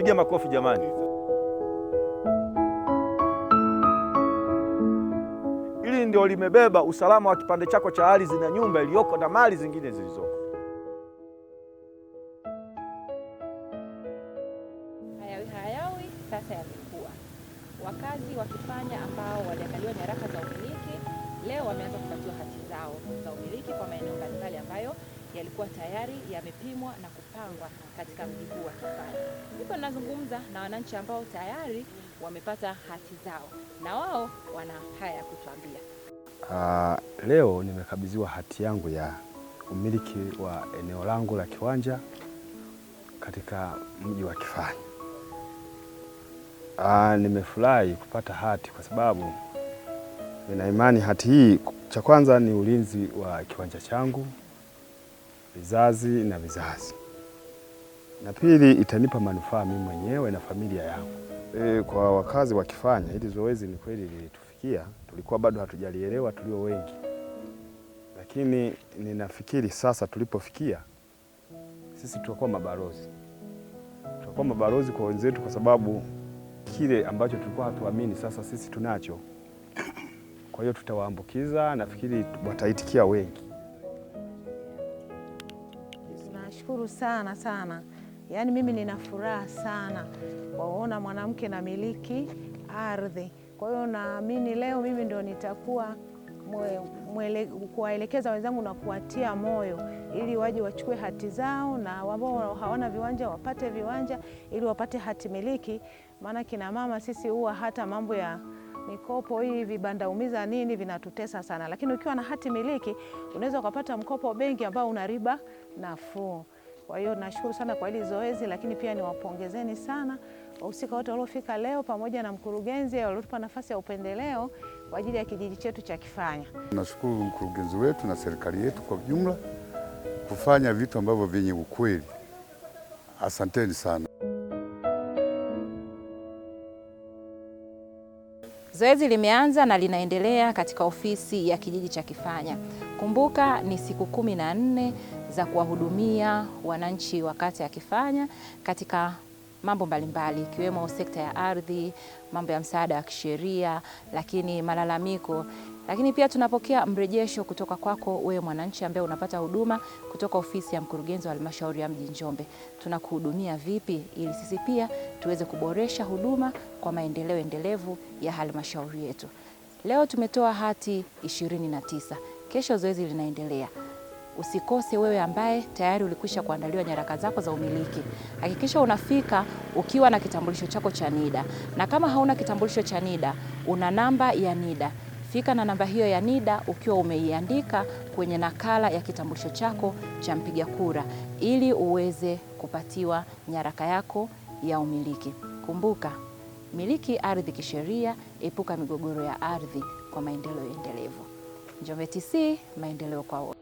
Piga makofi jamani. Hili ndio limebeba usalama wa kipande chako cha ardhi na nyumba iliyoko na mali zingine zilizoko. Hayawi hayawi sasa yamekuwa. Wakazi wa ambao waliangaliwa nyaraka za umiliki leo wameanza kupatiwa hati zao za umiliki kwa yalikuwa tayari yamepimwa na kupangwa katika mji huu wa Kipata. Hivyo nazungumza na wananchi ambao tayari wamepata hati zao na wao wana haya ya kutuambia. Uh, leo nimekabidhiwa hati yangu ya umiliki wa eneo langu la kiwanja katika mji wa Kifani. Uh, nimefurahi kupata hati kwa sababu nina imani hati hii, cha kwanza ni ulinzi wa kiwanja changu vizazi na vizazi, na pili itanipa manufaa mimi mwenyewe na familia yangu. E, kwa wakazi wakifanya hili zoezi, ni kweli lilitufikia, tulikuwa bado hatujalielewa tulio wengi, lakini ninafikiri sasa tulipofikia sisi tutakuwa mabalozi, tutakuwa mabalozi kwa wenzetu, kwa sababu kile ambacho tulikuwa hatuamini sasa sisi tunacho. Kwa hiyo tutawaambukiza, nafikiri wataitikia wengi. nashukuru sana sana, yaani mimi nina furaha sana kuona mwanamke na miliki ardhi. Kwa hiyo naamini leo mimi ndio nitakuwa mwele, kuwaelekeza wenzangu na kuwatia moyo ili waje wachukue hati zao, na ambao hawana viwanja wapate viwanja ili wapate hati miliki. Maana kina mama sisi huwa hata mambo ya mikopo hii vibanda umiza nini vinatutesa sana, lakini ukiwa na hati miliki unaweza ukapata mkopo benki ambao una riba nafuu. Kwa hiyo nashukuru sana kwa hili zoezi, lakini pia niwapongezeni sana wahusika wote waliofika leo pamoja na mkurugenzi waliotupa nafasi ya upendeleo kwa ajili ya kijiji chetu cha Kifanya. nashukuru mkurugenzi wetu na serikali yetu kwa jumla kufanya vitu ambavyo vyenye ukweli. Asanteni sana. Zoezi limeanza na linaendelea katika ofisi ya kijiji cha Kifanya. Kumbuka ni siku kumi na nne za kuwahudumia wananchi wa kata ya Kifanya katika mambo mbalimbali ikiwemo sekta ya ardhi, mambo ya msaada wa kisheria, lakini malalamiko lakini pia tunapokea mrejesho kutoka kwako wewe mwananchi ambaye unapata huduma kutoka ofisi ya mkurugenzi wa halmashauri ya mji Njombe. Tunakuhudumia vipi ili sisi pia tuweze kuboresha huduma kwa maendeleo endelevu ya halmashauri yetu. Leo tumetoa hati ishirini na tisa. Kesho zoezi linaendelea. Usikose wewe ambaye tayari ulikwisha kuandaliwa nyaraka zako za umiliki. Hakikisha unafika ukiwa na kitambulisho chako cha NIDA, na kama hauna kitambulisho cha NIDA una namba ya NIDA. Fika na namba hiyo ya NIDA ukiwa umeiandika kwenye nakala ya kitambulisho chako cha mpiga kura ili uweze kupatiwa nyaraka yako ya umiliki. Kumbuka, miliki ardhi kisheria, epuka migogoro ya ardhi kwa maendeleo endelevu. Njombe TC, maendeleo kwa wote.